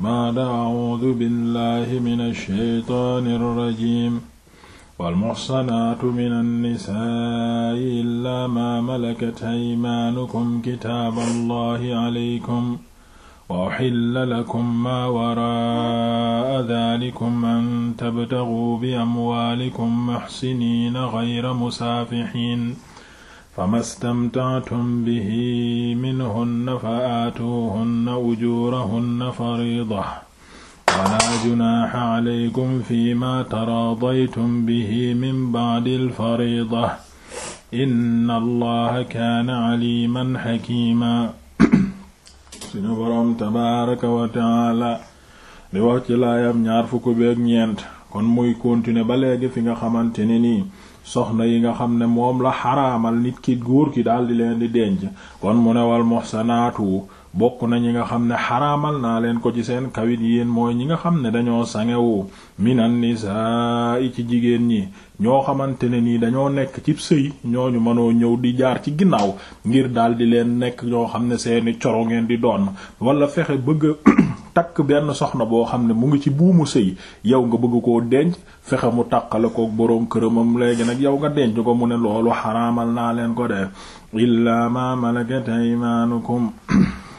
baada audu billahi min alsheytaani alrajim walmuxsanaatu min annisaa'i illaa maa malakat aymaanukum kitaaba allahi alaykum wa uxilla lakum maa waraa'a daalikum an tabtaghuu bi amwaalikum muxsiniina gayra musaafixiin fama stamtaatum bihi minhunna fa aatuuhunna ujuurahunna fariida walaa junaaxa calaykum fiimaa taraadaytum bihi min bacdi alfariida inna allaha kaana caliiman xakiima suñu boroom tabaaraka wa tacaala di wax ci laayam ñaar fukk beeg ñeent kon muy continuer ba léegi fi nga xamante ne nii soxna yi nga xam ne moom la xaraamal nit ki góor ki daal di leen di denc kon mu ne wal muhsanaatu bokk na ñi nga xam ne xaraamal naa leen ko ci seen kawit yéen mooy ñi nga xam ne dañoo sangewu minan nisaa'i ci jigéen ñi ñoo xamante ne nii dañoo nekk ci sëy ñu mënoo ñëw di jaar ci ginnaaw ngir daal di leen nekk ñoo xam ne seeni coro ngeen di doon wala fexe bëgg takk benn soxna boo xam ne mu ngi ci buumu sëy yow nga bëgg koo denc fexe mu tàqale ko boroom këramam léegi nag yow nga denc ko mu ne loolu xaraamal naa leen ko def illaa ma malakat aymanukum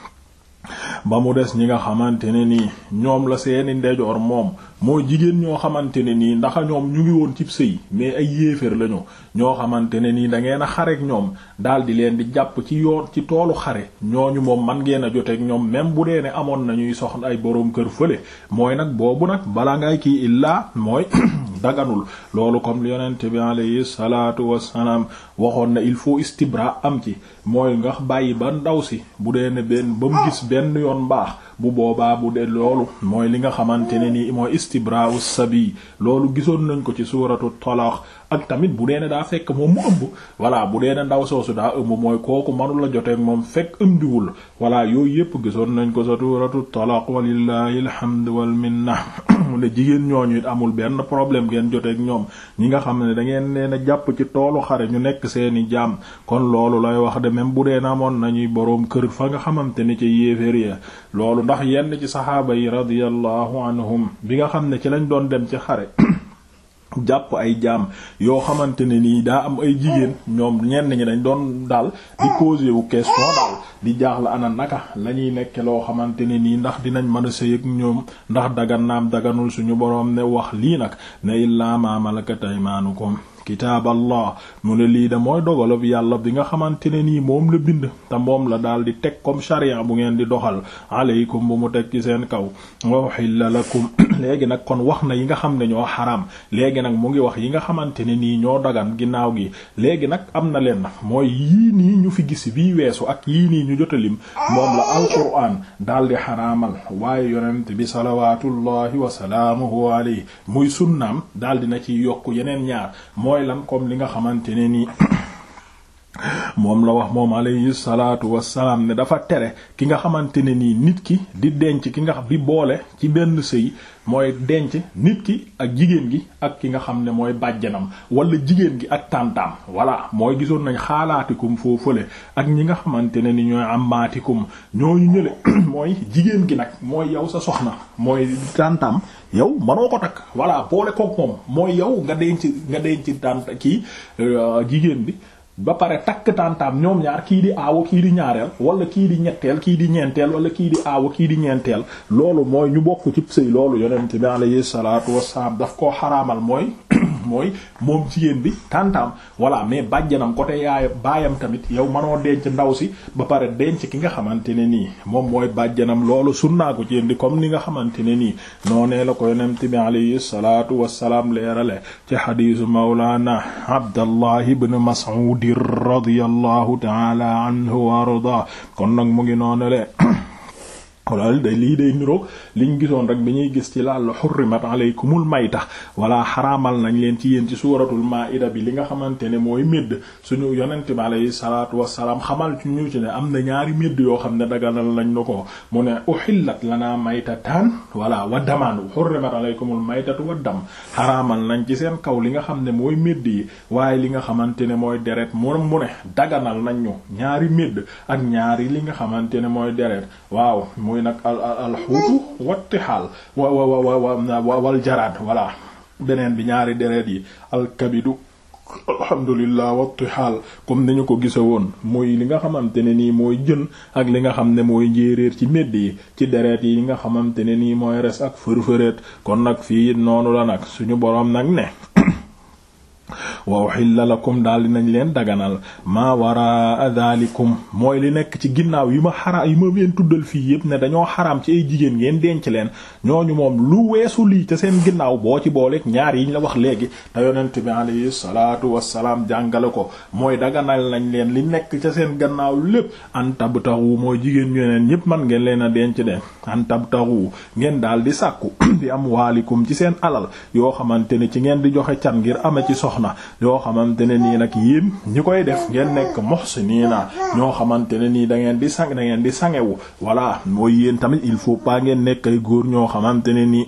ba mu des ñi nga xamante ne nii ñoom la seeni ndejoor moom moo jigéen ñoo xamante ne nii ndax ñoom ñu ngi woon cib sëy mais ay yéeféer lañu ñoo xamante ne nii da ngeen a xareek ñoom daal di leen di jàpp ci yoon ci toolu xare ñooñu moom man ngeen a joteek ñoom même bu dee ne amoon na nañuy soxna ay boroom kër fële mooy nag boobu nag bala ngay kii illaa mooy daganul loolu comme yonent bi alayhi salaatu wassalaam waxoon na il faut stibra am ci mooy nga bàyyi ba ndaw si bu dee ne benn ba mu gis benn yoon baax bu boobaa bu de loolu mooy li nga xamante ne nii mooy istibra'u sabi loolu gisoon nañ ko ci suuratu talaq ak tamit bu dee ne daa fekk moom mu ëmb voilà bu dee ne ndaw soosu daa ëmb mooy kooku manula joteeg moom fekk ëmdiwul walaa yooyu yépp gisoon nañ ko suuratu talaq walillahi alhamdu wal minna mu ne jigéen ñooñu it amul benn problème ngeen joteeg ñoom ñi nga xam ne dangeen ngeen nee jàpp ci toolu xare ñu nekk seeni jaam kon loolu lay wax de même bu dee na amoon nañuy boroom kër fa nga xamante ne ca ndax yenn ci saxaaba yi radiyallahu anhum bi nga xam ne ci lañ doon dem ci xare jàpp ay jaam yoo xamante ne nii daa am ay jigéen ñoom ñenn ñi dañ doon daal di poser wu question daal di jaaxle ana naka lañuy ñuy nekk loo xamante ne nii ndax dinañ mën a sëy ak ñoom ndax dagan naam daganul suñu boroom ne wax lii nag ne illaa ma malakat aymanukum kitaaballah mu ne lii da mooy bi yàlla bi nga xamante ne nii moom la bind te moom la daal di teg comme charia bu ngeen di doxal aleykum bu mu teg ci seen kaw wa uhilla lakum léegi nag kon wax na yi nga xam ne ñoo xaraam léegi nag mu ngi wax yi nga xamante ne nii ñoo dagan ginnaaw gi léegi nag am na leen na mooy yii nii ñu fi gis bii weesu ak yii nii ñu jotalim moom la alquran daal di xaraamal waaye yonent bi salawatullahi wa salaamuhu alayhi muy sunnaam daal dina ci yokk yeneen ñaar mooy lan comme li nga xamante ne nii moom la wax moom alayhi salaatu wassalaam ne dafa tere ki nga xamante ne nii nit ki di denc ki nga bi boole ci benn sëy mooy denc nit ki ak jigéen gi ak ki nga xam ne mooy bàjjanam wala jigéen gi ak tàntaam voilà mooy gisoon nañ xaalaatikum foo fële ak ñi nga xamante ne ni ñooy ammaatikum ñooñu ñële mooy jigéen gi nag mooy yow sa soxna mooy tàntaam yow manoo ko takk voilà boole koog moom mooy yow nga denc nga denc tànt kii euh, jigéen bi ba pare takk tantaam ñoom ñaar kii di aawo kii di ñaareel wala kii di ñetteel kii di ñeenteel wala kii di aawo kii di ñeenteel loolu mooy ñu bokk ci sëy loolu yonent bi alayhi salaatu wassalaam daf koo xaraamal mooy mooy moom jigéen bi tantam voilà mais bàjjanam côté yaay baayam tamit yow manoo denc ndaw si ba pare denc ki nga xamante ne nii moom mooy bàjjanam loolu sunnaa ko ci indi comme ni nga xamante ne nii noonee la ko yonent bi alayhi salaatu wassalaam leerale ci xadiisu mawlaana abdallah ibn mas'ud radiyallahu ta'ala anhu wa arda kon nag mu ngi noonale kon day lii day niroog liñ gisoon rek bi ñuy gis ci laal xurrimat aleykumul mayta wala xaraamal nañ leen ci yéen ci suuratul maa'ida bi li nga xamante ne mooy médd suñu yonent bi alayhi salaatu wassalaam xamal ci ñu ci ne am na ñaari médd yoo xam ne daganal lañ na ko mu ne uhillat lanaa maytatan wala wa daman xurrimat aleykumul maytatu wa dam xaraamal nañ ci seen kaw li nga xam ne mooy médd yi waaye li nga xamante ne mooy deret moom mu ne daganal nañ ñu ñaari médd ak ñaari li nga xamante ne mooy deret waaw nag al al xuutu watti xaal wa wa wal jaraad voilà beneen bi ñaari deret yi alkabidu alhamdulillah watti xaal comme ni ko gise woon mooy li nga xamante ne nii mooy jën ak li nga xam ne mooy njéeréer ci medd yi ci deret yi nga xamante ne nii mooy res ak fërfëreet kon nag fii noonu la nag suñu boroom nag ne wa uhilla lakum daal dinañ leen daganal maa waraa daalikum mooy li nekk ci ginnaaw yi ma xaraam yi ma leen tuddal fii yëpp ne dañoo xaraam ci ay jigéen ngeen denc leen ñooñu moom lu weesu lii ca seen ginnaaw boo ci booleek ñaar yiñ la wax léegi te yonent bi alayhi salaatu wassalaam jàngale ko mooy daganal nañ leen li nekk ca seen gannaaw lépp an tabtaxu mooy jigéen ñeneen ñëpp man ngeen leen a denc de an tabtaxu ngeen daal di sàkku di am waalikum ci seen alal yoo xamante ne ci ngeen di joxe can ngir ama ci soxna yoo xamante ne nii nag yéen ñi koy def ngeen nekk naa ñoo xamante ne nii da ngeen di sang da ngeen di sangewu voilà mooy yéen tamit il faut pas ngeen nekk ay góor ñoo xamante ne nii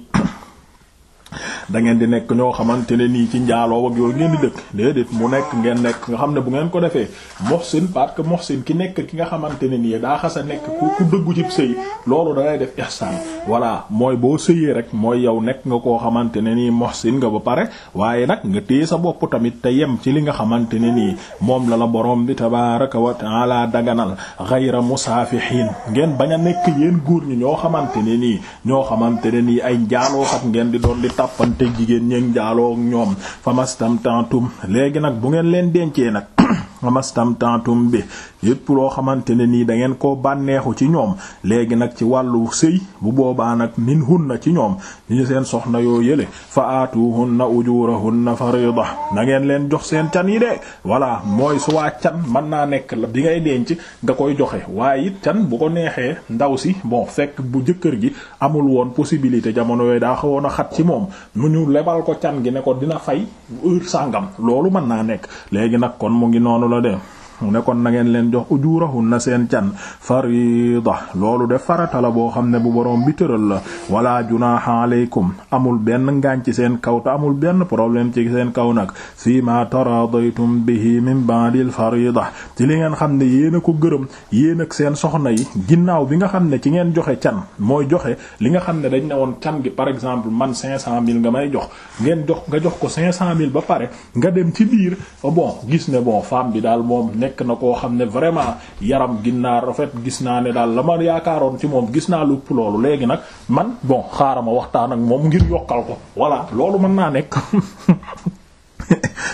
da ngeen di nekk ñoo xamante ne nii ci njaaloo ak yooyu ngeen di dëkk déedéet mu nekk ngeen nekk nga xam ne bu ngeen ko defee muhsin parce que muhsin ki nekk ki nga xamante ne nii daa xas a nekk ku ku dëggu ci sëy loolu da lay def ihsan voilà mooy boo sëyee rek mooy yow nekk nga koo xamante ne nii muhsin nga ba pare waaye nag nga téye sa bopp tamit te yem ci li nga xamante ne nii moom la la borom bi tabaaraka wa ta'ala daganal ghayra musaafihiin ngeen bañ a nekk yéen góor ñi ñoo xamante ne nii ñoo xamante ne nii ay njaalookat ngeen di doon di tàppan te jigéen ñeeg ak ñoom famastamtantum léegi nag bu ngeen leen dencee nag mastamtantum bi yépp loo xamante ne nii da ngeen koo bànneexu ci ñoom léegi nag ci wàllu sëy bu boobaa nag min hunna ci ñoom li ñu seen soxna yoo yële fa aatuhunna ujurahunna farida na ngeen leen jox seen can yi de voilà mooy su waa can mën naa nekk la bi ngay denc nga koy joxe waaye it can bu ko neexee ndaw si bon fekk bu jëkkër gi amul woon possibilité jamono yooyu daa xawoon a xat ci moom mu ñu lebal ko can gi ne ko dina fay heure sàngam loolu mën naa nekk la de mu ne kon na ngeen leen jox ujurahun na seen can farida loolu de farata la boo xam ne bu borom bi tëral la wala junaha aleykum amul benn ngaañ ci seen kaw te amul benn problème ci seen kaw nag fii ma taradaytum bihi min ba'dil farida ci li ngeen xam ne yéen a ko gërëm yéen ak seen soxna yi ginnaaw bi nga xam ne ci ngeen joxe can mooy joxe li nga xam ne dañ ne woon can gi par exemple man cinq cent mille nga may jox ngeen jox nga jox ko cinq cent mille ba pare nga dem ci biir bon gis ne bon femme bi daal moom nekk na koo xam ne vraiment yaram ginnaa rafet gis naa ne daal la ma yaakaaroon ci moom gis naa lu loolu léegi nag man bon xaaral ma waxtaan ak moom ngir yokkal ko voilà loolu mën naa nekk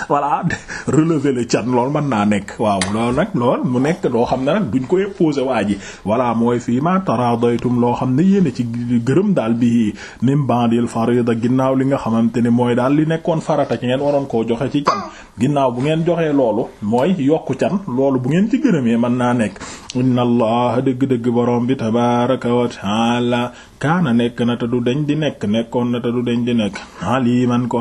voilà relever le chat lool mën naa nekk waaw loolu nag lool mu nekk loo xam na nag duñ koy imposer waa ji voilà mooy fii ma taradaytum loo xam ne yéen ci gërëm daal bi mim bandil farida ginnaaw li nga xamante ne mooy daal li nekkoon farata ci ngeen waroon koo joxe ci can ginnaaw bu ngeen joxee loolu mooy yokku can loolu bu ngeen ci gërëmee mën naa nekk inna allah dëgg-dëgg borom bi tabaraka wa taala kaana nekk na te du deñ di nekk nekkoon na te du deñ di nekk aliman ko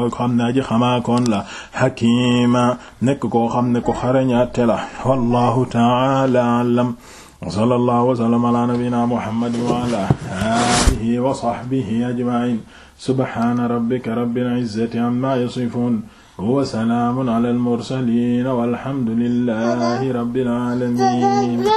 alima nekk koo xam ne ko xarañ atte la wallahu ta'ala a'lam wa sallallahu wa sallama ala nabiyyina muhammad wa ala alihi wa sahbihi ajma'in subhana rabbika rabbil izzati amma yasifun wa salamun ala al mursalin walhamdulillahi rabbil alamin